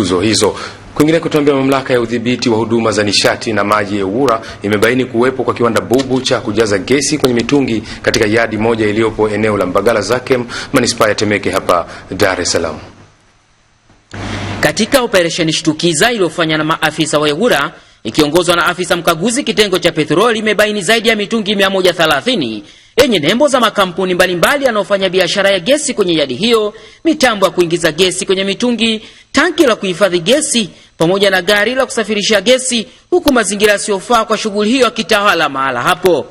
tuzo hizo. Kwingine kutuambia, mamlaka ya udhibiti wa huduma za nishati na maji ya EWURA imebaini kuwepo kwa kiwanda bubu cha kujaza gesi kwenye mitungi katika yadi moja iliyopo eneo la Mbagala Zakem, manispaa ya Temeke hapa Dar es Salaam. Katika operesheni shtukiza iliyofanywa na maafisa wa EWURA ikiongozwa na afisa mkaguzi kitengo cha petroli, imebaini zaidi ya mitungi 130 yenye nembo za makampuni mbalimbali yanayofanya biashara ya gesi kwenye yadi hiyo, mitambo ya kuingiza gesi kwenye mitungi, tanki la kuhifadhi gesi pamoja na gari la kusafirisha gesi, huku mazingira yasiyofaa kwa shughuli hiyo yakitawala mahala hapo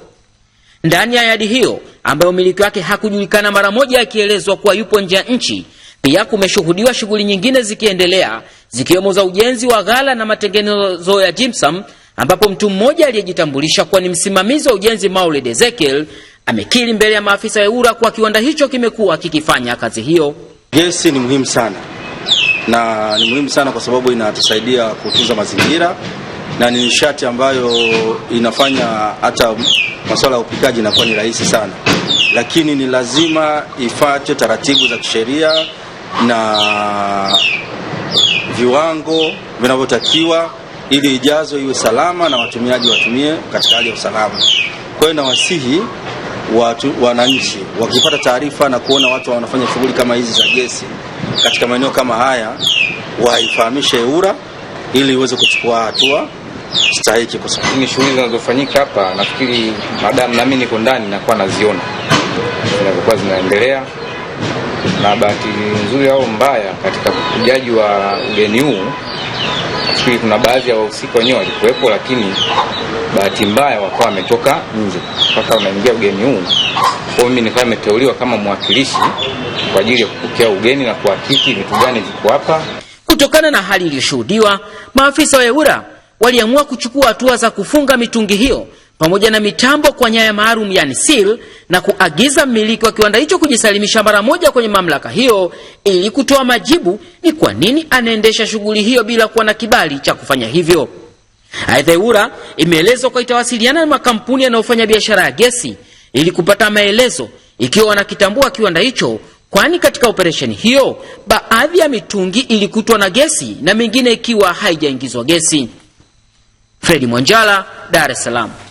ndani ya yadi hiyo ambayo umiliki wake hakujulikana mara moja, akielezwa kuwa yupo nje ya nchi. Pia kumeshuhudiwa shughuli nyingine zikiendelea zikiwemo za ujenzi wa ghala na matengenezo ya jimsam ambapo mtu mmoja aliyejitambulisha kuwa ni msimamizi wa ujenzi Maulid Ezekiel amekiri mbele ya maafisa wa EWURA kuwa kiwanda hicho kimekuwa kikifanya kazi hiyo. Gesi ni muhimu sana na ni muhimu sana kwa sababu inatusaidia kutunza mazingira na ni nishati ambayo inafanya hata masuala ya upikaji inakuwa ni rahisi sana, lakini ni lazima ifuate taratibu za kisheria na viwango vinavyotakiwa ili ijazo iwe salama na watumiaji watumie katika hali ya usalama. Kwa hiyo nawasihi watu wananchi wakipata taarifa na kuona watu wanafanya shughuli kama hizi za gesi katika maeneo kama haya, waifahamishe ura ili iweze kuchukua hatua stahiki, kwa sababu shughuli zinazofanyika hapa, nafikiri madamu, nami niko ndani, nakuwa naziona zinavyokuwa zinaendelea, na bahati nzuri au mbaya, katika upigaji wa ugeni huu nafikiri kuna baadhi ya wahusika wenyewe walikuwepo, lakini bahati mbaya wakawa wametoka nje mpaka unaingia ugeni huu. Kwa mimi nikawa nimeteuliwa kama mwakilishi kwa ajili ya kupokea ugeni na kuhakiki vitu gani viko hapa. Kutokana na hali iliyoshuhudiwa, maafisa wa EWURA waliamua kuchukua hatua za kufunga mitungi hiyo pamoja na mitambo kwa nyaya maalum yani SIL na kuagiza mmiliki wa kiwanda hicho kujisalimisha mara moja kwenye mamlaka hiyo ili kutoa majibu ni kwa nini anaendesha shughuli hiyo bila kuwa na kibali cha kufanya hivyo. Aidha, imeelezwa kwa itawasiliana na makampuni yanayofanya biashara ya gesi ili kupata maelezo ikiwa wanakitambua kiwanda hicho, kwani katika operesheni hiyo baadhi ya mitungi ilikutwa na gesi na mingine ikiwa haijaingizwa gesi. Fredi Mwanjala, Dar es Salaam.